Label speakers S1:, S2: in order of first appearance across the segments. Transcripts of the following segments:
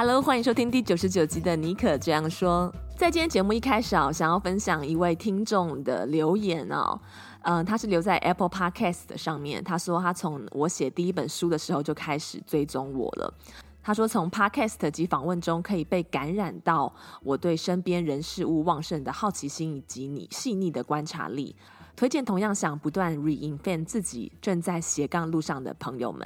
S1: Hello，歡迎收聽第九十九集的《尼可這樣說》。在今天節目一開始哦、啊，想要分享一位聽眾的留言哦，嗯，他是留在 Apple Podcast 上面。他說他從我寫第一本書的時候就開始追蹤我了。他說從 Podcast 及訪問中可以被感染到我對身邊人事物旺盛的好奇心以及你細膩的觀察力，推薦同樣想不斷 reinvent 自己正在斜槓路上的朋友們。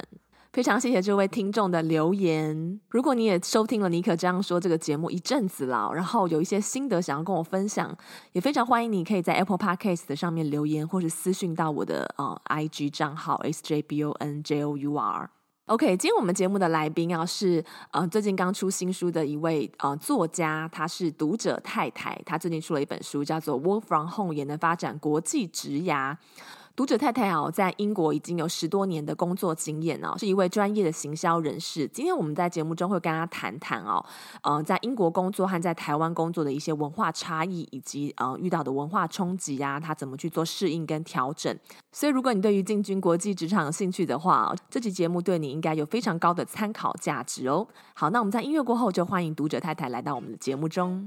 S1: 非常謝謝這位聽眾的留言。如果你也收聽了《尼可這樣說》這個節目一陣子了，然後有一些心得想要跟我分享，也非常歡迎你可以在 Apple Podcast 的上面留言，或是私訊到我的、呃、IG 賬號 S J B O N J O U R。OK，今天我們節目的來賓啊是呃最近剛出新書的一位呃作家，她是讀者太太，她最近出了一本書叫做《Work From Home 也能發展國際職涯》。讀者太太啊，在英國已經有十多年的工作經驗，是一位專業的行銷人士。今天我們在節目中會跟他談談哦，在英國工作和在台灣工作的一些文化差異，以及遇到的文化衝擊啊，他怎麼去做適應跟調整。所以，如果你對於進軍國際職場有興趣的話，這期節目對你應該有非常高的參考價值哦。好，那我們在音樂過後就歡迎讀者太太來到我們的節目中。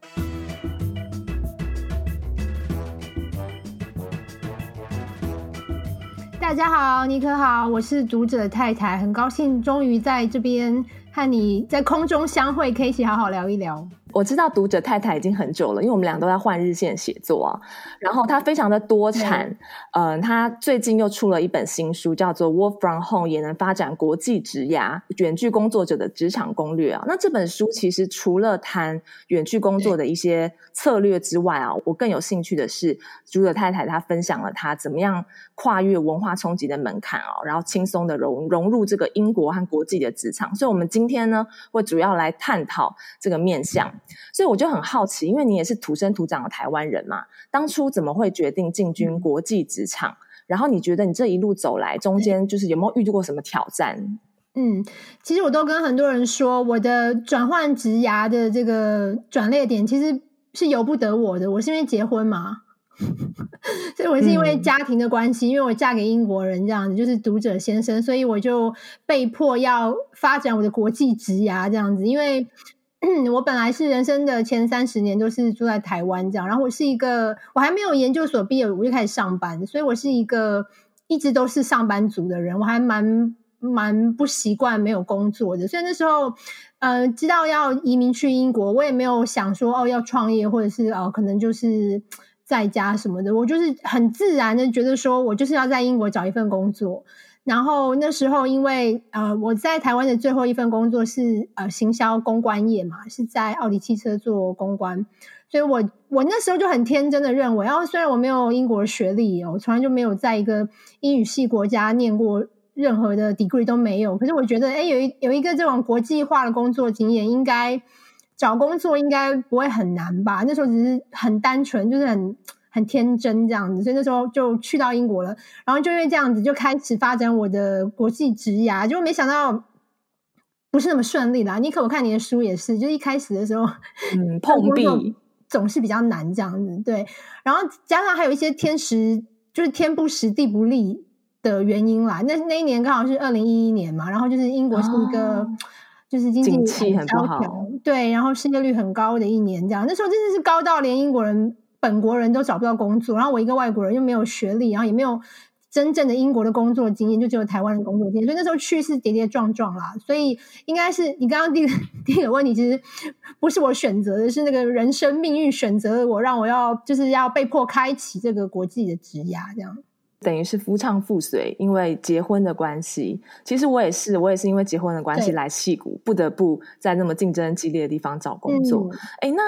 S2: 大家好，妮可好，我是讀者太太，很高興終於在這邊和你在空中相會，可以一起好好聊一聊。我知道讀者
S1: 太太已經很久了，因為我們倆都在換日線寫作啊。然後她非常的多產，嗯，呃、她最近又出了一本新書，叫做《Work from Home 也能發展國際職涯：遠距工作者的職場攻略》啊。那這本書其實除了談遠距工作的一些策略之外啊，我更有興趣的是讀者太太她分享了她怎麼樣跨越文化衝擊的門檻哦、啊，然後輕鬆的融融入這個英國和國際的職場。所以，我們今天呢，會主要來探討這個面向。嗯所以我就很好奇，因為你也是土生土長的台灣人嘛，當初怎麼會決定進軍國際職場？嗯、然後你覺得你這一路走來中間就是有沒有遇到過什麼挑戰？
S2: 嗯，其實我都跟很多人說，我的轉換職涯的這個轉捩點其實是由不得我的，我是因為結婚嘛， 所以我是因為家庭的關係，嗯、因為我嫁給英國人這樣子，就是讀者先生，所以我就被迫要發展我的國際職涯這樣子，因為。我本來是人生的前三十年都是住在台灣這樣，然後我是一個我還沒有研究所畢業，我就開始上班，所以我是一個一直都是上班族的人，我還蠻蠻不習慣沒有工作的。所以那時候，嗯，知道要移民去英國，我也沒有想說哦，要創業，或者是哦、呃、可能就是在家什麼的，我就是很自然的覺得說我就是要在英國找一份工作。然後那時候，因為呃，我在台灣的最後一份工作是呃行銷公關業嘛，是在奧迪汽車做公關，所以我我那時候就很天真的認為，然後雖然我沒有英國學歷哦，我從來就沒有在一個英語系國家念過任何的 degree 都沒有，可是我覺得誒，有一有一個這種國際化的工作經驗，應該找工作應該不會很難吧？那時候只是很單純，就是很。很天真這樣子，所以那時候就去到英國了。然後就因為這樣子，就開始發展我的國際職涯。就沒想到不是那麼順利的。尼可我看你的書也是，就一開始的時候，嗯，碰壁總是比較難這樣子。對，然後加上還有一些天時，就是天不時地不利的原因啦。那那一年剛好是二零一一年嘛，然後就是英國是一個、啊、就是經濟蕭條，景氣很不好，對，然後失業率很高的一年。這樣，那時候真的是高到連英國人。本國人都找不到工作，然後我一個外國人又沒有學歷，然後也沒有真正的英國的工作的經驗，就只有台灣的工作經驗，所以那時候去是跌跌撞撞啦。所以應該是你剛剛第第一個問題，其實不是我選擇的，是那個人生命運選擇了我，讓我要就是要被迫開啟這個國際的職涯這樣。
S1: 等於是夫唱婦隨，因為結婚的關係。其實我也是，我也是因為結婚的關係來矽谷，不得不在那麼競爭激烈的地方找工作。哎、嗯，那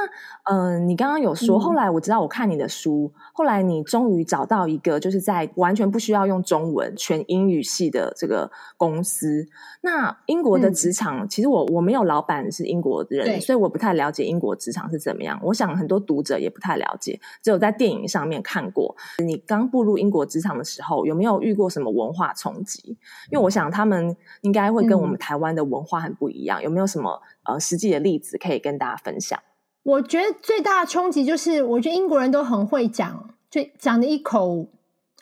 S1: 嗯、呃，你剛剛有說，後來我知道，我看你的書、嗯，後來你終於找到一個，就是在完全不需要用中文、全英語系的這個公司。那英國的職場，嗯、其實我我沒有老闆是英國人，所以我不太了解英國職場是怎麼樣。我想很多讀者也不太了解，只有在電影上面看過。你剛步入英國職場，的時候有沒有遇過什麼文化衝擊？因為我想他們應該會跟我們台灣的文化很不一樣，嗯、有沒有什麼呃實際的例子可以跟大家分享？
S2: 我覺得最大的衝擊就是，我覺得英國人都很會講，就講的一口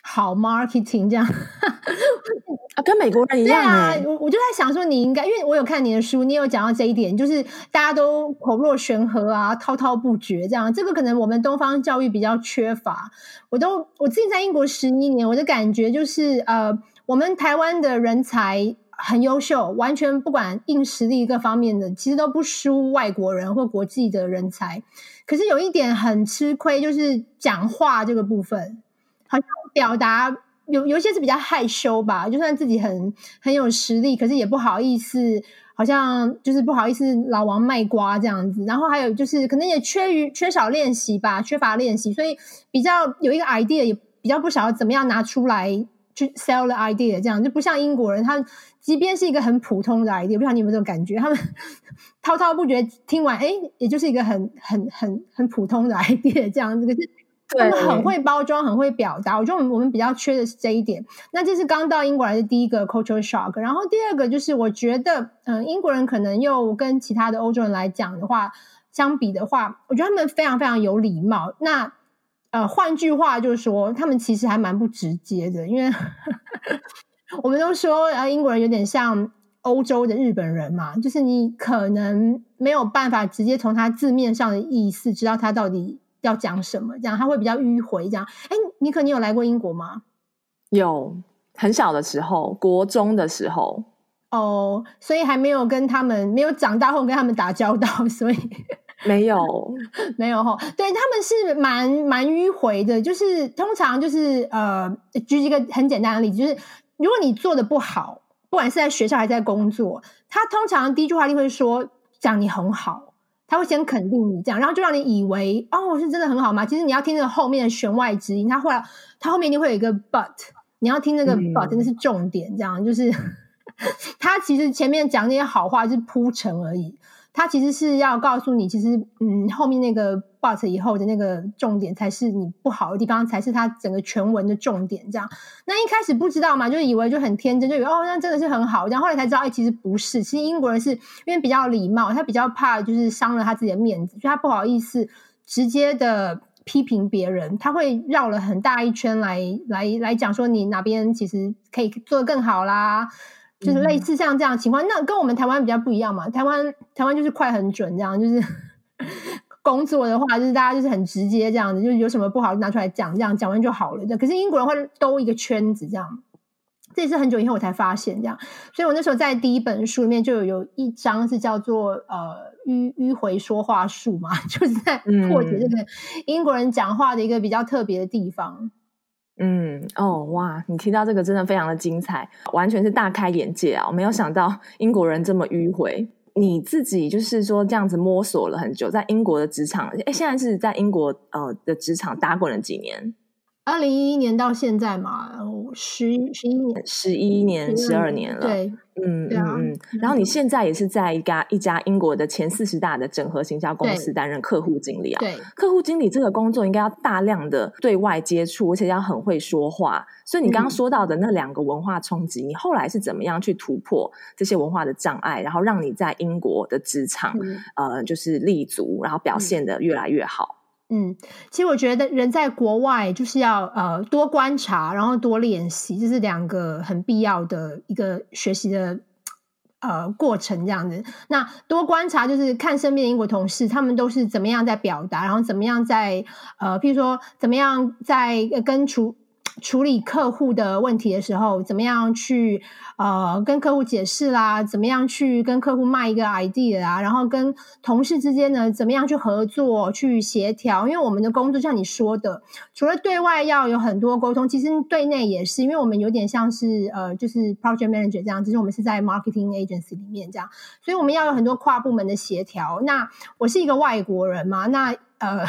S2: 好 marketing 這樣。 啊，跟美國人一樣欸。對啊，我我就在想說，你應該，因為我有看你的書，你也有講到這一點，就是大家都口若懸河啊，滔滔不絕這樣。這個可能我們東方教育比較缺乏。我都，我自己在英國十一年，我的感覺就是，呃，我們台灣的人才很優秀，完全不管硬實力各方面的，其實都不輸外國人或國際的人才。可是有一點很吃虧，就是講話這個部分，好像表達。有有一些是比較害羞吧，就算自己很很有實力，可是也不好意思，好像就是不好意思老王賣瓜這樣子。然後還有就是可能也缺於缺少練習吧，缺乏練習，所以比較有一個 idea，也比較不曉得怎麼樣拿出來去 sell the idea 這樣，就不像英國人，他們即便是一個很普通的 idea，不知道你有沒有這種感覺，他們滔滔不絕聽完，哎、欸，也就是一個很很很很普通的 idea 這樣子。他們很會包裝，很會表達。對。我覺得我們我們比較缺的是這一點。那這是剛到英國來的第一個 cultural shock。然後第二個就是，我覺得，嗯、呃，英國人可能又跟其他的歐洲人來講的話，相比的話，我覺得他們非常非常有禮貌。那呃，換句話就是說，他們其實還蠻不直接的，因為 我們都說呃，英國人有點像歐洲的日本人嘛，就是你可能沒有辦法直接從他字面上的意思知道他到底。要講什麼？這樣，他會比較迂迴。這樣，哎、欸，你可，你有來過英國嗎？
S1: 有，很小的時候，國中的時候。
S2: 哦、oh，所以還沒有跟他們，沒有長大後跟他們打交道，所以沒有， 沒有。對，他們是蠻蠻迂迴的，就是通常，就是呃，舉一個很簡單的例子，就是如果你做的不好，不管是在學校還是在工作，他通常第一句話就會說，講你很好。他會先肯定你這樣，然後就讓你以為哦，是真的很好嗎？其實你要聽那個後面的弦外之音，他後來他後面一定會有一個 but，你要聽那個 but 真的是重點，這樣、嗯、就是、嗯、 他其實前面講那些好話就是鋪陳而已。他其實是要告訴你，其實，嗯，後面那個 but 以後的那個重點才是你不好的地方，才是他整個全文的重點。這樣，那一開始不知道嘛，就以為就很天真，就以為哦，那真的是很好。這樣，後來才知道，哎、欸，其實不是。其實英國人是因為比較禮貌，他比較怕就是傷了他自己的面子，所以他不好意思直接的批評別人，他會繞了很大一圈來來來講說你哪邊其實可以做得更好啦。就是類似像這樣的情況，那跟我們台灣比較不一樣嘛。台灣台灣就是快很準這樣，就是工作的話，就是大家就是很直接這樣子，就是有什麼不好就拿出來講，這樣講完就好了。可是英國人會兜一個圈子這樣，這也是很久以後我才發現這樣。所以我那時候在第一本書裡面就有有一章是叫做呃迂迂回說話術嘛，就是在破解這個、嗯、英國人講話的一個比較特別的地方。嗯哦，
S1: 哇！你提到這個真的非常的精彩，完全是大開眼界啊！我沒有想到英國人這麼迂迴。你自己就是說這樣子摸索了很久，在英國的職場，誒現在是在英國呃的職場打滾了幾年？
S2: 二零一一年到現在嘛，十十一年，十一年十二年了。
S1: 對，嗯嗯、啊、嗯。然後你現在也是在一家一家英國的前四十大的整合行銷公司擔任客戶經理啊。對，客戶經理這個工作應該要大量的對外接觸，而且要很會說話。所以你剛剛說到的那兩個文化衝擊，嗯、你後來是怎麼樣去突破這些文化的障礙，然後讓你在英國的職場、嗯、呃就是立足，然後表現得越來越好？嗯
S2: 嗯，其實我覺得人在國外就是要呃多觀察，然後多練習，這是兩個很必要的一個學習的呃過程，這樣子。那多觀察就是看身邊的英國同事，他們都是怎麼樣在表達，然後怎麼樣在呃，譬如說怎麼樣在跟廚處理客戶的問題的時候，怎麼樣去呃跟客戶解釋啦？怎麼樣去跟客戶賣一個 idea 啊？然後跟同事之間呢，怎麼樣去合作、去協調？因為我們的工作像你說的，除了對外要有很多溝通，其實對內也是，因為我們有點像是呃，就是 project manager 這樣，就是我們是在 marketing agency 裡面這樣，所以我們要有很多跨部門的協調。那我是一個外國人嘛，那呃。嗯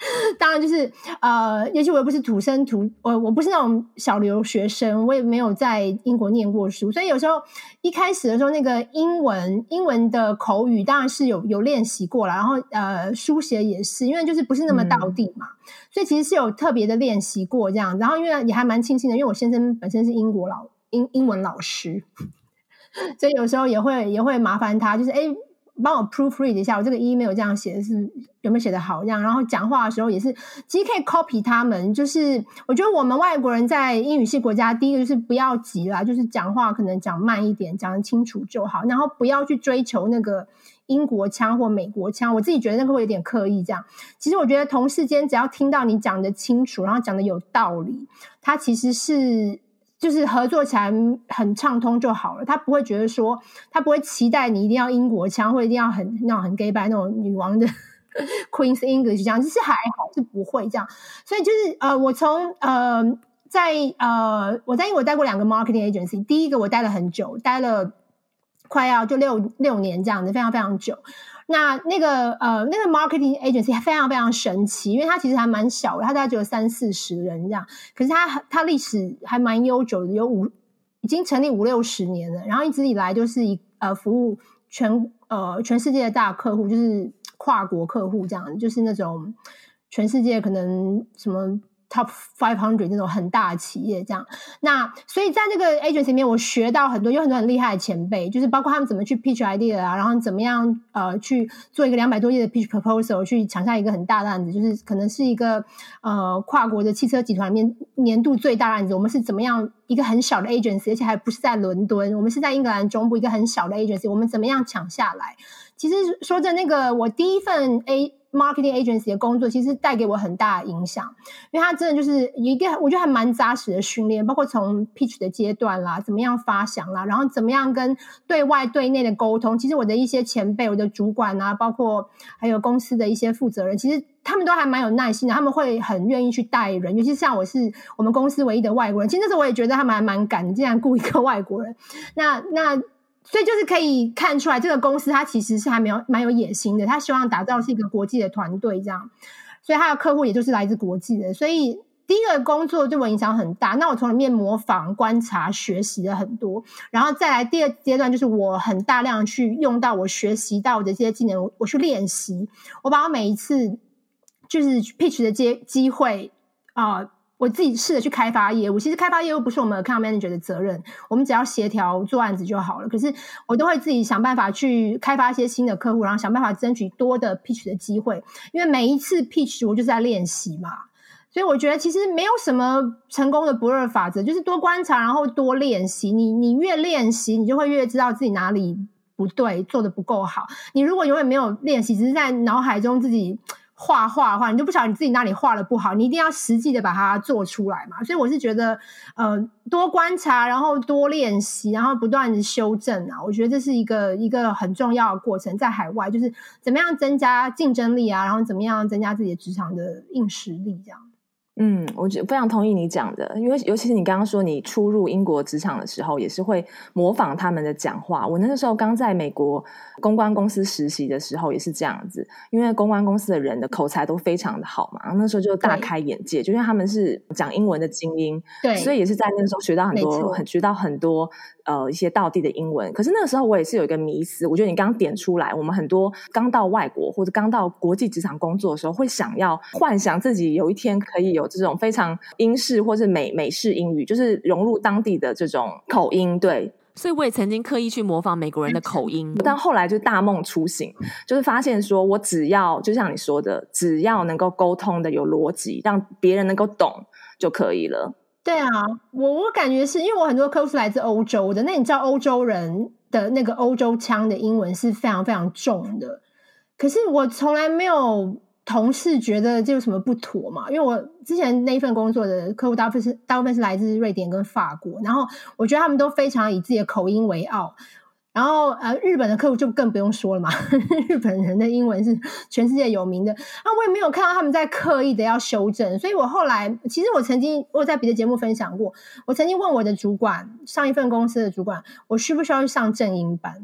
S2: 當然，就是呃，尤其我又不是土生土，我我不是那種小留學生，我也沒有在英國念過書，所以有時候一開始的時候，那個英文英文的口語當然是有有練習過了，然後呃，書寫也是，因為就是不是那麼道地嘛，嗯，所以其實是有特別的練習過這樣。然後因為也還蠻慶幸的，因為我先生本身是英國老英英文老師， 所以有時候也會也會麻煩他，就是哎，欸幫我 proofread 一下，我這個 email 這樣寫是，是有沒有寫得好這樣？然後講話的時候也是，其實可以 copy 他們。就是我覺得我們外國人在英語系國家，第一個就是不要急啦，就是講話可能講慢一點，講得清楚就好。然後不要去追求那個英國腔或美國腔，我自己覺得那個會有點刻意。這樣，其實我覺得同事間只要聽到你講得清楚，然後講得有道理，他其實是。就是合作起來很暢通就好了，他不會覺得說，他不會期待你一定要英國腔，或一定要很那種很假掰那種女王的 Queen's English 這樣，這是還好，是不會這樣。所以就是呃，我從呃在呃我在英國待過兩個 marketing agency，第一個我待了很久，待了快要就六六年這樣子，非常非常久。那那個呃那個 marketing agency 非常非常神奇，因為它其實還蠻小的，它大概只有三四十人這樣，可是它它歷史還蠻悠久的，有五已經成立五六十年了，然後一直以來就是以呃服務全呃全世界的大客戶，就是跨國客戶這樣，就是那種全世界可能什麼。Top five hundred 這種很大的企業，這樣。那，所以在這個 agency 裡面，我學到很多，有很多很厲害的前輩，就是包括他們怎麼去 pitch idea 啊，然後怎麼樣，呃，去做一個兩百多頁的 pitch proposal 去搶下一個很大的案子，就是可能是一個，呃，跨國的汽車集團裡面年度最大的案子，我們是怎麼樣一個很小的 agency，而且還不是在倫敦，我們是在英格蘭中部一個很小的 agency，我們怎麼樣搶下來？其實說着那個，我第一份 a。marketing agency 的工作其實帶給我很大的影響，因為它真的就是一個我覺得還蠻扎實的訓練，包括從 pitch 的階段啦，怎麼樣發想啦，然後怎麼樣跟對外對內的溝通，其實我的一些前輩、我的主管啊，包括還有公司的一些負責人，其實他們都還蠻有耐心的，他們會很願意去帶人，尤其像我是我們公司唯一的外國人，其實那時候我也覺得他們還蠻敢的，竟然雇一個外國人。那，那那。所以就是可以看出來，這個公司它其實是還沒有蠻有野心的，它希望打造是一個國際的團隊這樣，所以它的客戶也就是來自國際的。所以第一個工作對我影響很大，那我從裡面模仿、觀察、學習了很多，然後再來第二階段就是我很大量去用到我學習到的這些技能，我去練習，我把我每一次就是 pitch 的機機會啊。呃我自己試着去開發業務，其實開發業務不是我們 account manager 的責任，我們只要協調做案子就好了。可是我都會自己想辦法去開發一些新的客戶，然後想辦法爭取多的 pitch 的機會，因為每一次 pitch 我就是在練習嘛。所以我覺得其實沒有什麼成功的不二法則，就是多觀察，然後多練習。你你越練習，你就會越知道自己哪裡不對，做得不夠好。你如果永遠沒有練習，只是在腦海中自己。畫畫的話，你就不曉得你自己哪裡畫的不好，你一定要實際的把它做出來嘛。所以我是覺得，呃，多觀察，然後多練習，然後不斷的修正啊，我覺得這是一個一個很重要的過程。在海外，就是怎麼樣增加競爭力啊，然後怎麼樣增加自己的職場的硬實力這樣。
S1: 嗯，我覺得非常同意你講的，因為尤其是你剛剛說，你初入英國職場的時候，也是會模仿他們的講話。我那個時候剛在美國公關公司實習的時候，也是這樣子，因為公關公司的人的口才都非常的好嘛。那時候就大開眼界，就因為他們是講英文的精英，對，所以也是在那時候學到很多，學到很多。呃，一些道地的英文，可是那個時候我也是有一個迷思。我覺得你剛點出來，我們很多剛到外國或者剛到國際職場工作的時候，會想要幻想自己有一天可以有這種非常英式或是美美式英語，就是融入當地的這種口音。對，所以我也曾經刻意去模仿美國人的口音，嗯、但後來就大夢初醒，嗯、就是發現說我只要就像你說的，只要能夠溝通的有邏輯，讓別人能夠懂就可以了。
S2: 對啊，我我感覺是因為我很多客戶是來自歐洲的。那你知道歐洲人的那個歐洲腔的英文是非常非常重的，可是我從來沒有同事覺得這有什麼不妥嘛。因為我之前那一份工作的客戶大部分是大部分是來自瑞典跟法國，然後我覺得他們都非常以自己的口音為傲。然後呃，日本的客戶就更不用說了嘛，呵呵。日本人的英文是全世界有名的，那我也沒有看到他們在刻意的要修正。所以我後來其實我曾經我有在別的節目分享過，我曾經問我的主管，上一份公司的主管，我需不需要去上正音班？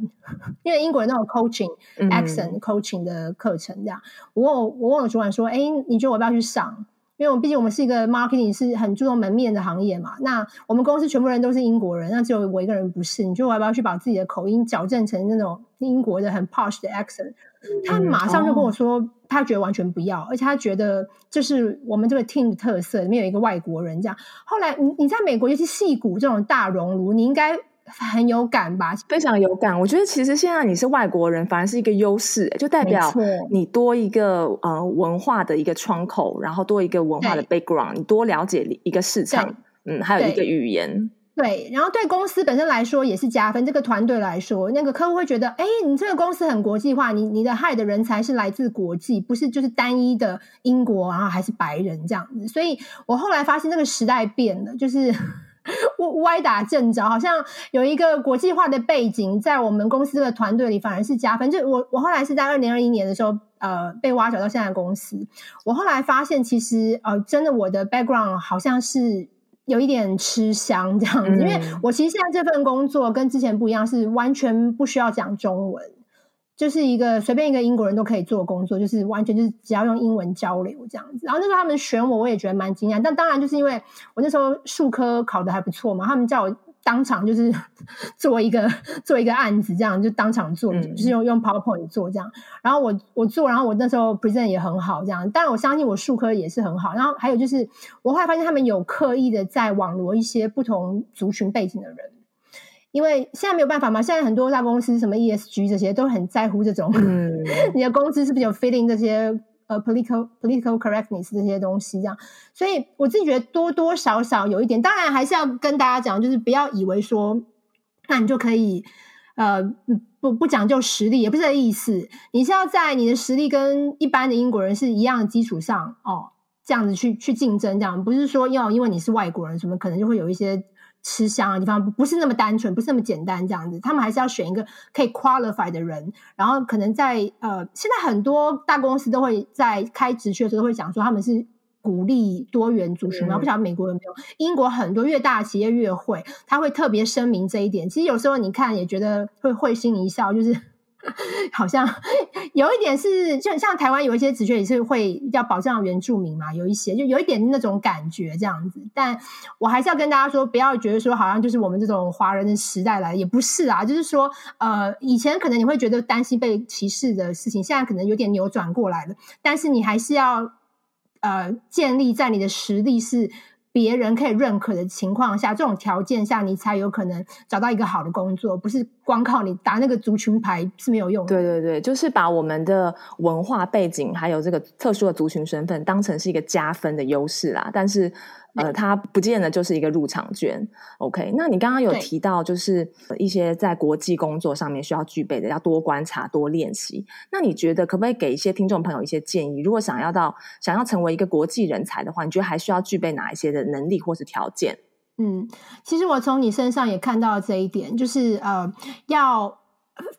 S2: 因為英國的那種 coaching、嗯、accent coaching 的課程這樣，我我問我主管說，哎，你覺得我要不要去上？因為畢竟我們是一個 marketing 是很注重門面的行業嘛，那我們公司全部人都是英國人，那只有我一個人不是，你說我要不要去把自己的口音矯正成那種英國的很 posh 的 accent？、嗯、他馬上就跟我說，他覺得完全不要，而且他覺得就是我們這個 team 的特色裡面有一個外國人這樣。後來你你在美國就是戲骨這種大熔爐，你應該。很有感吧，非常有感。我覺得其
S1: 實現在你是外國人，反而是一個優勢，欸，就代表你多一個呃文化的一個窗口，然後多一個文化的 background，你多了解一個市場，嗯，還有一個
S2: 語言對。對，然後對公司本身來說也是加分。這個團隊來說，那個客戶會覺得，哎，你這個公司很國際化，你你的 hire 的人才是來自國際，不是就是單一的英國，然後還是白人這樣子。所以我後來發現這個時代變了，就是。嗯我歪打正着，好像有一個國際化的背景，在我們公司的團隊裡反而是加分。就我，我後來是在二零二一年的時候，呃，被挖走到現在公司。我後來發現，其實呃，真的我的 background 好像是有一點吃香這樣子、嗯，因為我其實現在這份工作跟之前不一樣，是完全不需要講中文。就是一個隨便一個英國人都可以做工作，就是完全就是只要用英文交流這樣子。然後那時候他們選我，我也覺得蠻驚訝。但當然就是因為我那時候數科考得還不錯嘛，他們叫我當場就是做一個做一個案子，這樣就當場做，就是用用 PowerPoint 做這樣。嗯、然後我我做，然後我那時候 present 也很好這樣。但我相信我數科也是很好。然後還有就是我後來發現他們有刻意的在網羅一些不同族群背景的人。因為現在沒有辦法嘛，現在很多大公司什麼 ESG 這些都很在乎這種，嗯、 你的公司是不是有 fit in 這些呃、uh, political political correctness 這些東西這樣，所以我自己覺得多多少少有一點，當然還是要跟大家講，就是不要以為說，那你就可以呃不不講究實力，也不是這個意思，你是要在你的實力跟一般的英國人是一樣的基礎上哦，這樣子去去競爭，這樣不是說要因為你是外國人什麼，可能就會有一些。吃香的地方，不是那麼單純，不是那麼簡單這樣子，他們還是要選一個可以 qualify 的人，然後可能在呃，現在很多大公司都會在開職缺的時候都會講說，他們是鼓勵多元族群嘛，然後不曉得美國人沒有？英國很多越大的企業越會，他會特別聲明這一點。其實有時候你看也覺得會會心一笑，就是好像。有一點是，就像台灣有一些子學也是會要保障原住民嘛，有一些就有一點那種感覺這樣子。但我還是要跟大家說，不要覺得說好像就是我們這種華人的時代來了，也不是啊，就是說呃，以前可能你會覺得擔心被歧視的事情，現在可能有點扭轉過來了。但是你還是要呃，建立在你的實力是。別人可以認可的情況下，這種條件下你才有可能找到一個好的工作，不是光靠你打那個族群牌是沒有用的。對對對，就是把我們的文化背景還有這個特殊的族
S1: 群身份當成是一個加分的優勢啦，但是。呃，它不見得就是一個入場券。OK，那你剛剛有提到，就是一些在國際工作上面需要具備的，要多觀察、多練習。那你覺得可不可以給一些聽眾朋友一些建議？如果想要到想要成為一個國際人才的話，你覺得還需要具備哪一些的能力或是條件？嗯，
S2: 其實我從你身上也看到這一點，就是呃，要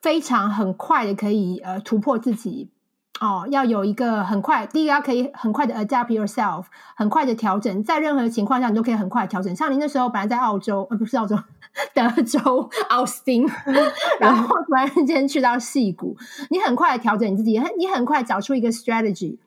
S2: 非常很快的可以呃突破自己。哦，要有一個很快，第一個要可以很快的 adapt yourself，很快的調整，在任何情況下你都可以很快調整。像你那時候本來在澳洲，呃，不是澳洲，德州奧斯汀，嗯，然後突然間去到矽谷，你很快的調整你自己，你很你很快找出一個 strategy，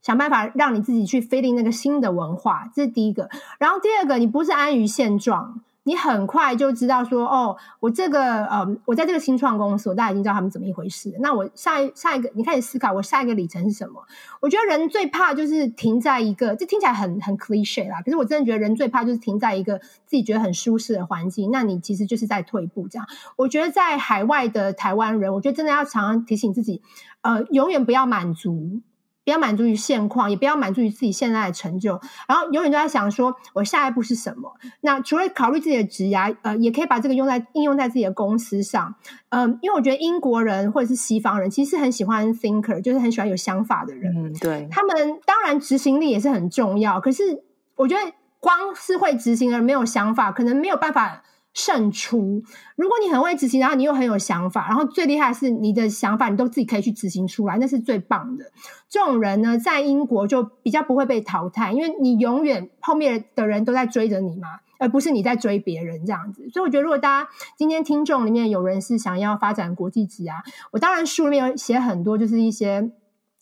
S2: 想辦法讓你自己去 fitting 那個新的文化，這是第一個。然後第二個，你不是安於現狀。你很快就知道說，哦，我這個，嗯，我在這個新創公司，我大概已經知道他們怎麼一回事。那我下一下一個，你開始思考我下一個里程是什麼？我覺得人最怕就是停在一個，這聽起來很很 cliche 啦。可是我真的覺得人最怕就是停在一個自己覺得很舒適的環境，那你其實就是在退步這樣。我覺得在海外的台灣人，我覺得真的要常常提醒自己，呃，永遠不要滿足。不要滿足於現況，也不要滿足於自己現在的成就，然後永遠都在想說我下一步是什麼。那除了考慮自己的職業，呃，也可以把這個用在應用在自己的公司上。嗯、呃，因為我覺得英國人或者是西方人其實很喜歡 thinker，就是很喜歡有想法的人。嗯，對。他們當然執行力也是很重要，可是我覺得光是會執行而沒有想法，可能沒有辦法。勝出。如果你很會執行，然後你又很有想法，然後最厲害的是你的想法你都自己可以去執行出來，那是最棒的。這種人呢，在英國就比較不會被淘汰，因為你永遠後面的人都在追着你嘛，而不是你在追別人這樣子。所以我覺得，如果大家今天聽眾裡面有人是想要發展國際職涯，我當然書裡面有寫很多，就是一些。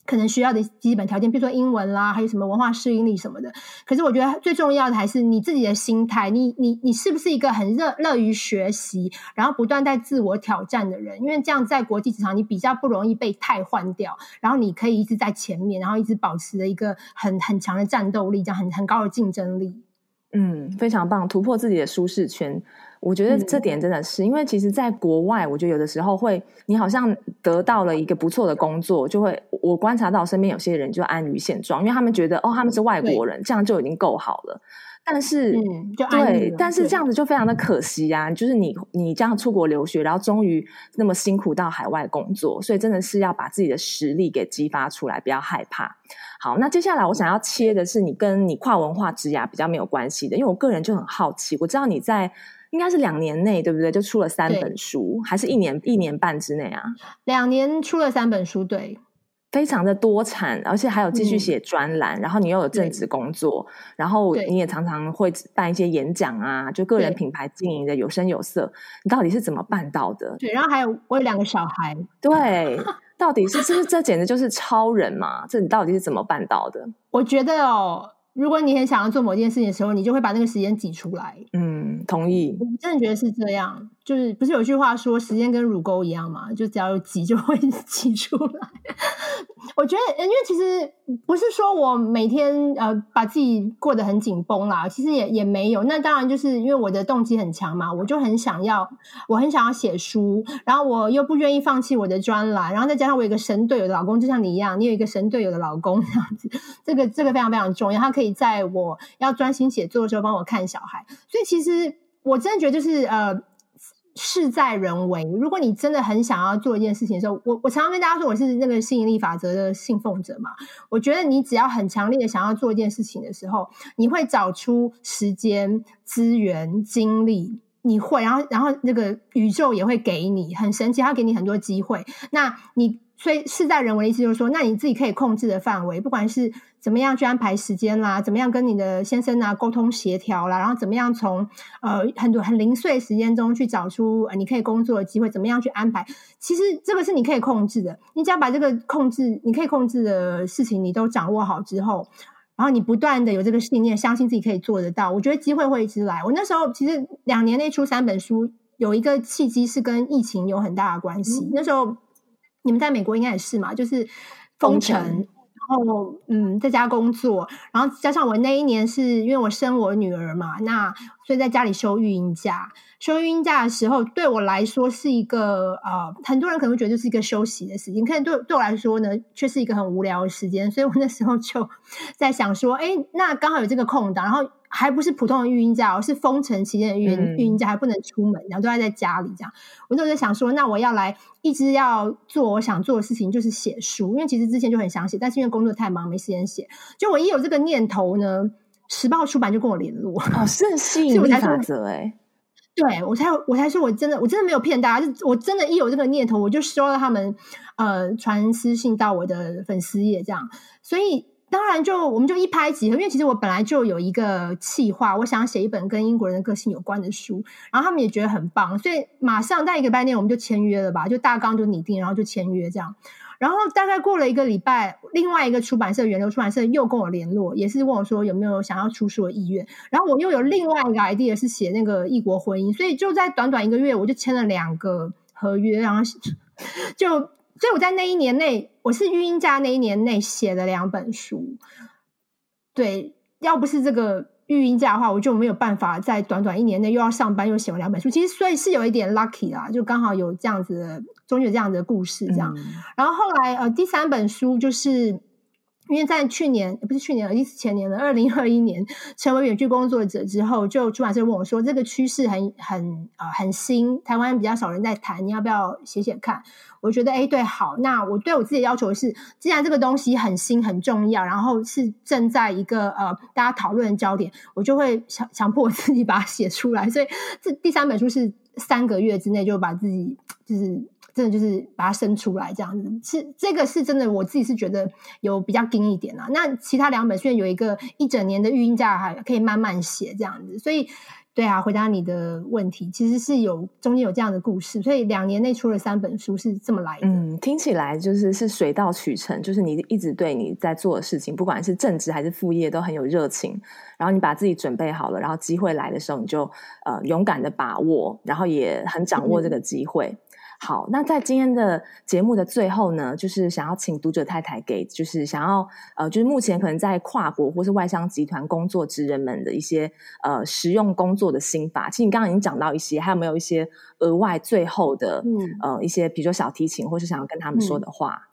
S2: 可能需要的基本條件，比如說英文啦，還有什麼文化適應力什麼的。可是我覺得最重要的還是你自己的心態。你你你是不是一個很熱樂於學習，然後不斷在自我挑戰的人？因為這樣在國際職場，你比較不容易被汰換掉，然後你可以一直在前面，然後一直保持着一個很很強的戰鬥力，這樣很很高的競爭力。嗯，非常棒，突破自
S1: 己的舒適圈。我覺得這點真的是，嗯、因為其實，在國外，我覺得有的時候會，你好像得到了一個不錯的工作，就會我觀察到身邊有些人就安於現狀，因為他們覺得哦，他們是外國人，這樣就已經夠好了。但是、嗯，對，但是這樣子就非常的可惜啊！就是你，你這樣出國留學，然後終於那麼辛苦到海外工作，所以真的是要把自己的實力給激發出來，不要害怕。好，那接下來我想要切的是你跟你跨文化職涯比較沒有關係的，因為我個人就很好奇，我知道你在。應該是兩年內，對不對？就出了三本書，還是一年一年半之內啊？兩年出了三本書，對，非常的多產，而且還有繼續寫專欄，嗯、然後你又有正職工作，然後你也常常會辦一些演講啊，就個人品牌經營的有聲有色，你到底是怎麼辦到的？
S2: 對，然後還有我有兩個小孩，
S1: 對，到底是這 這簡直就是超人嘛？這你到底是怎麼辦到的？我
S2: 覺得哦。如果你很想要做某件事情的時候，你就會把那個時間擠出來。
S1: 嗯，同意。
S2: 我真的覺得是這樣。就是不是有句話說時間跟乳溝一樣嘛？就只要有擠就會擠出來。 我覺得，因為其實不是說我每天呃把自己過得很緊繃啦，其實也也沒有。那當然就是因為我的動機很強嘛，我就很想要，我很想要寫書，然後我又不願意放棄我的專欄，然後再加上我有一個神隊友的老公，就像你一樣，你有一個神隊友的老公這樣子，這個這個非常非常重要。他可以在我要專心寫作的時候幫我看小孩，所以其實我真的覺得就是呃。事在人為。如果你真的很想要做一件事情的時候，我我常常跟大家說，我是那個吸引力法則的信奉者嘛。我覺得你只要很強烈的想要做一件事情的時候，你會找出時間、資源、精力，你會，然後然後那個宇宙也會給你，很神奇，它給你很多機會。那你所以事在人為的意思就是說，那你自己可以控制的範圍，不管是。怎麼樣去安排時間啦？怎麼樣跟你的先生啊溝通協調啦？然後怎麼樣從呃很多很零碎時間中去找出你可以工作的機會？怎麼樣去安排？其實這個是你可以控制的。你只要把這個控制，你可以控制的事情你都掌握好之後，然後你不斷的有這個信念，你也相信自己可以做得到。我覺得機會會一直來。我那時候其實兩年內出三本書，有一個契機是跟疫情有很大的關係。嗯，那時候你們在美國應該也是嘛，就是封城。然後，嗯，在家工作，然後加上我那一年是因為我生我女兒嘛，那。所以在家裡休育嬰假，休育嬰假的時候，對我來說是一個啊、呃，很多人可能會覺得就是一個休息的時間，可能對對我來說呢，卻是一個很無聊的時間。所以我那時候就在想說，誒、欸，那剛好有這個空檔，然後還不是普通的育嬰假，而是封城期間的育嬰、嗯、育嬰假，還不能出門，然後都還在家裡這樣。我就在想說，那我要來一直要做我想做的事情，就是寫書，因為其實之前就很想寫，但是因為工作太忙，沒時間寫。就我一有這個念頭呢。時報出版就跟我聯絡，哦，是很吸引力法則哎，對我才我才說我真的，我真的沒有騙大家，就我真的一有這個念頭，我就收到他們呃傳私信到我的粉絲頁這樣，所以當然就我們就一拍即合，因為其實我本來就有一個企劃，我想寫一本跟英國人的個性有關的書，然後他們也覺得很棒，所以馬上在一個半月我們就簽約了吧，就大綱就擬定，然後就簽約這樣。然後大概過了一個禮拜，另外一個出版社，遠流出版社又跟我聯絡，也是問我說有沒有想要出書的意願。然後我又有另外一個 idea 是寫那個異國婚姻，所以就在短短一個月，我就簽了兩個合約，然後就所以我在那一年內，我是育嬰假那一年內寫了兩本書。對，要不是這個育嬰假的話，我就沒有辦法在短短一年內又要上班又寫完兩本書。其實所以是有一點 lucky 啦，就剛好有這樣子。中學這樣的故事，這樣、嗯。然後後來，呃，第三本書就是，因為在去年不是去年，而是前年了，二零二一年成為遠距工作者之後，就出版社問我說：“這個趨勢很很呃很新，台灣比較少人在談，你要不要寫寫看？”我覺得，哎，對，好。那我對我自己要求的是，既然這個東西很新、很重要，然後是正在一個呃大家討論的焦點，我就會強強迫我自己把它寫出來。所以這第三本書是三個月之內就把自己就是。真的就是把它生出來這樣子，是這個是真的，我自己是覺得有比較緊一點啊。那其他兩本雖然有一個一整年的育嬰假，還可以慢慢寫這樣子，所以對啊，回答你的問題，其實是有中間有這樣的故事，所以兩年內出了三本書是這麼來的。嗯，聽起來就是是水到渠成，就是你一直對你在做的事情，不管是
S1: 正職還是副業，都很有熱情，然後你把自己準備好了，然後機會來的時候你就呃勇敢的把握，然後也很掌握這個機會。嗯好，那在今天的節目的最後呢，就是想要請讀者太太給，就是想要呃，就是目前可能在跨國或是外商集團工作職人們的一些呃實用工作的心法。其實你剛剛已經講到一些，還有沒有一些額外最後的嗯呃一些，比如說小提琴或是想要跟他們說的話？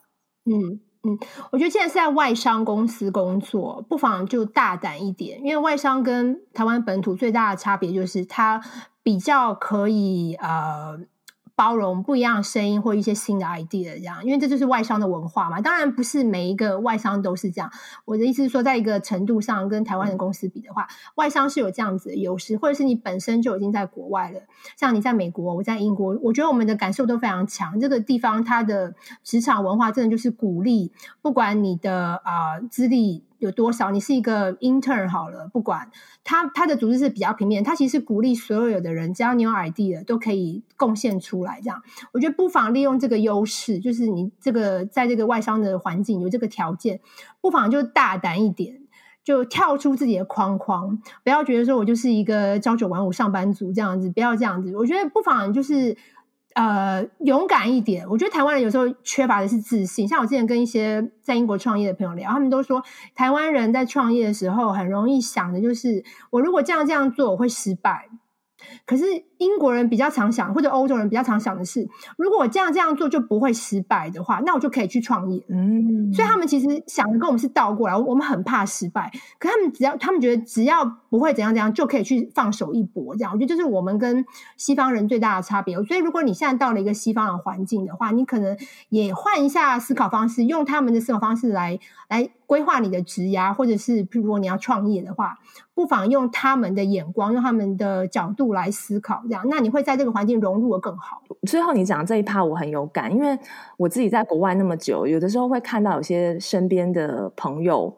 S2: 嗯嗯，嗯，我覺得現在是在外商公司工作，不妨就大膽一點，因為外商跟台灣本土最大的差別就是它比較可以呃。包容不一樣的聲音或一些新的 idea，這樣，因為這就是外商的文化嘛。當然，不是每一個外商都是這樣。我的意思是說，在一個程度上跟台灣的公司比的話，外商是有這樣子的優勢，或者是你本身就已經在國外了。像你在美國，我在英國，我覺得我們的感受都非常強。這個地方它的職場文化真的就是鼓勵，不管你的啊資歷。呃有多少？你是一個 intern 好了，不管他，他的組織是比較平面，他其實鼓勵所有的人，只要你有 idea 都可以貢獻出來。這樣，我覺得不妨利用這個優勢，就是你這個在這個外商的環境有這個條件，不妨就大膽一點，就跳出自己的框框，不要覺得說我就是一個朝九晚五上班族這樣子，不要這樣子。我覺得不妨就是。呃，勇敢一點。我覺得台灣人有時候缺乏的是自信。像我之前跟一些在英國創業的朋友聊，他們都說，台灣人在創業的時候很容易想的就是，我如果這樣這樣做，我會失敗。可是英國人比較常想，或者歐洲人比較常想的是，如果我這樣這樣做就不會失敗的話，那我就可以去創業。嗯，所以他們其實想的跟我們是倒過來，我們很怕失敗，可他們只要他們覺得只要不會怎樣怎樣，就可以去放手一搏。這樣，我覺得這是我們跟西方人最大的差別。所以，如果你現在到了一個西方的環境的話，你可能也換一下思考方式，用他們的思考方式來。來規劃你的職涯，或者是，如果你要創業的話，不妨用他們的眼光，用他們的角度來思考，這樣，那你會在這個環境融入得更好。最後，你講的
S1: 這一趴我很有感，因為我自己在國外那麼久，有的時候會看到有些身邊的朋友，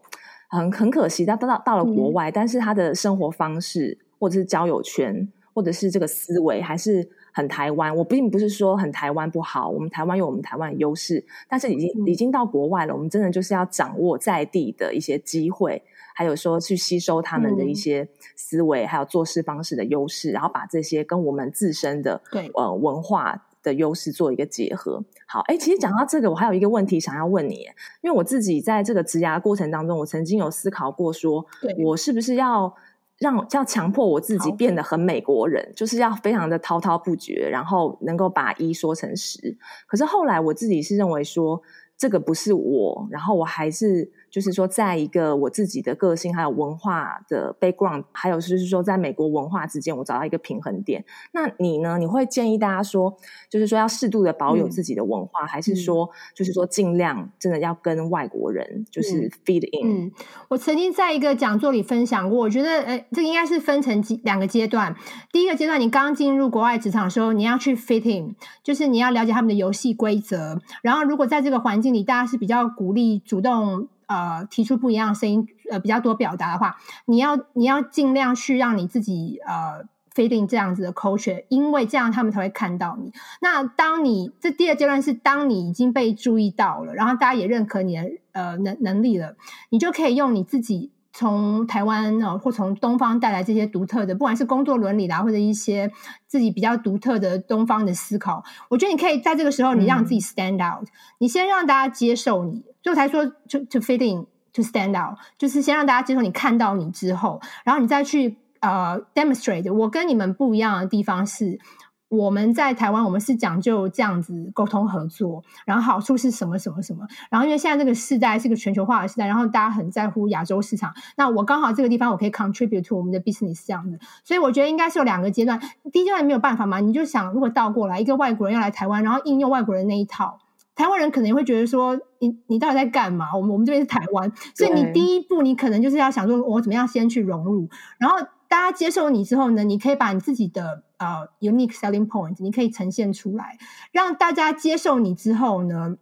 S1: 很很可惜，他到到了國外、嗯，但是他的生活方式或者是交友圈或者是這個思維還是。很台灣，我並不是說很台灣不好，我們台灣有我們台灣的優勢，但是已經已經到國外了，我們真的就是要掌握在地的一些機會，還有說去吸收他們的一些思維，還有做事方式的優勢、嗯，然後把這些跟我們自身的對呃文化的優勢做一個結合。好，哎、欸，其實講到這個，我還有一個問題想要問你，因為我自己在這個職涯過程當中，我曾經有思考過說，對我是不是要。讓要強迫我自己變得很美國人，就是要非常的滔滔不絕，然後能夠把一說成十。可是後來我自己是認為說這個不是我，然後我還是。就是說，在一個我自己的個性，還有文化的 background，還有就是說，在美國文化之間，我找到一個平衡點。那你呢？你會建議大家說，就是說要適度的保有自己的文化，嗯、還是說，就是說盡量真的要跟外國人就是 fit in？、嗯、
S2: 我曾經在一個講座裡分享過，我覺得，誒、欸，這個應該是分成幾，兩個階段。第一個階段，你剛進入國外職場的時候，你要去 fit in，就是你要了解他們的遊戲規則。然後，如果在這個環境裡，大家是比較鼓勵主動。呃，提出不一樣的聲音，呃，比較多表達的話，你要你要盡量去讓你自己呃，fit in 這樣子的 culture，因為這樣他們才會看到你。那當你這第二階段是當你已經被注意到了，然後大家也認可你的呃能能力了，你就可以用你自己從台灣，呃，或從東方帶來這些獨特的，不管是工作倫理啦，或者一些自己比較獨特的東方的思考，我覺得你可以在這個時候你讓自己 stand out，嗯，你先讓大家接受你。就我才說，就就 fit in，to stand out，就是先讓大家接受你、看到你之後，然後你再去呃 demonstrate，我跟你們不一樣的地方是，我們在台灣我們是講究這樣子溝通合作，然後好處是什麼什麼什麼，然後因為現在這個世代是個全球化的時代，然後大家很在乎亞洲市場，那我剛好這個地方我可以 contribute to 我們的 business 這樣的，所以我覺得應該是有兩個階段，第一階段沒有辦法嘛，你就想如果倒過來，一個外國人要來台灣，然後應用外國人那一套。台灣人可能會覺得說你，你你到底在幹嘛？我們我們這邊是台灣，所以你第一步，你可能就是要想說，我怎麼樣先去融入，然後大家接受你之後呢，你可以把你自己的呃、uh, unique selling point 你可以呈現出來，讓大家接受你之後呢，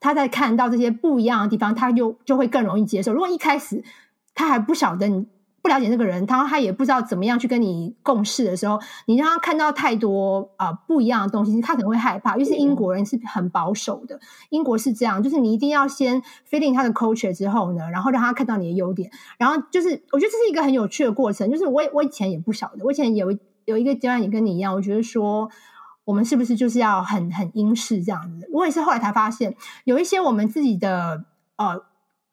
S2: 他在看到這些不一樣的地方，他就就會更容易接受。如果一開始他還不曉得你。不了解這個人，他他也不知道怎麼樣去跟你共事的時候，你讓他看到太多啊、呃、不一樣的東西，他可能會害怕。因為英國人是很保守的，英國是這樣，就是你一定要先 fit in 他的 culture 之後呢，然後讓他看到你的優點，然後就是我覺得這是一個很有趣的過程。就是我我以前也不曉得，我以前有有一個階段也跟你一樣，我覺得說我們是不是就是要很很英式這樣子。我也是後來才發現，有一些我們自己的呃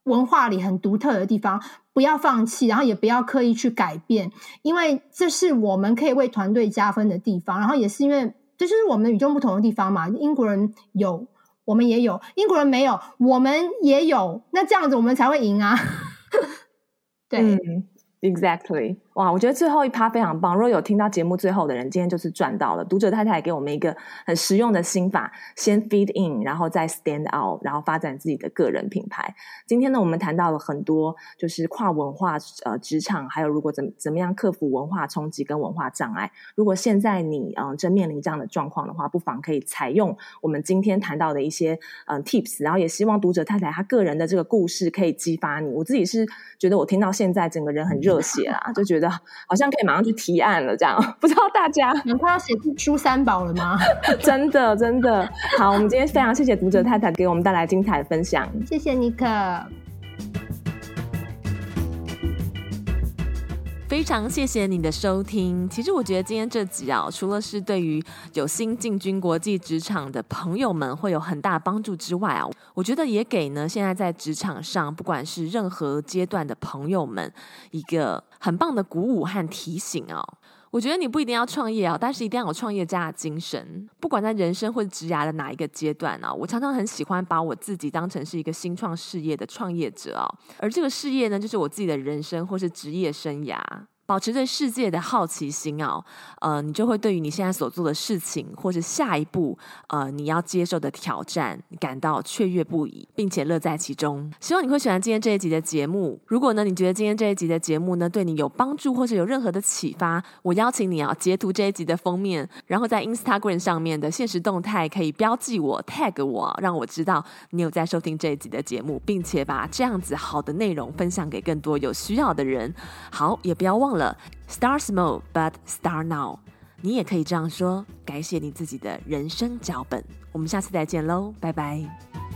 S2: 文化裡很獨特的地方。不要放棄，然後也不要刻意去改變，因為這是我們可以為團隊加分的地方。然後也是因為，這就是我們與眾不同的地方嘛。英國人有，我們也有；英國人沒有，我們也有。那這樣子，我們才會贏啊！ 對。嗯
S1: Exactly，哇，我覺得最後一趴非常棒。如果有聽到節目最後的人，今天就是賺到了。讀者太太給我們一個很實用的心法：先 feed in，然後再 stand out，然後發展自己的個人品牌。今天呢，我們談到了很多，就是跨文化呃職場，還有如果怎怎麼樣克服文化衝擊跟文化障礙。如果現在你嗯、呃、正面臨這樣的狀況的話，不妨可以採用我們今天談到的一些嗯、呃、tips，然後也希望讀者太太她個人的這個故事可以激發你。我自己是覺得我聽到現在整個人很。熱血啦，就覺得好像可以馬上去提案了，這樣不知道大家能看到寫書三寶了嗎？ 真的真的好，我們今天非常謝謝讀者太太給我們帶來精彩的分享，謝謝尼可。非常謝謝你的收聽。其實我覺得今天這集啊，除了是對於有心進軍國際職場的朋友們會有很大幫助之外啊，我覺得也給呢現在在職場上不管是任何階段的朋友們一個很棒的鼓舞和提醒哦、啊。我覺得你不一定要創業啊、哦，但是一定要有創業家的精神。不管在人生或者職業的哪一個階段啊、哦，我常常很喜歡把我自己當成是一個新創事業的創業者哦，而這個事業呢，就是我自己的人生或是職業生涯。保持對世界的好奇心哦，呃，你就會對於你現在所做的事情，或是下一步呃你要接受的挑戰感到雀躍不已，並且樂在其中。希望你會喜歡今天這一集的節目。如果呢，你覺得今天這一集的節目呢對你有幫助，或者有任何的啟發，我邀請你啊截圖這一集的封面，然後在 Instagram 上面的限時動態可以標記我 tag 我，讓我知道你有在收聽這一集的節目，並且把這樣子好的內容分享給更多有需要的人。好，也不要忘了。了，start small but start now，你也可以這樣說，改寫你自己的人生腳本。我們下次再見嘍，拜拜。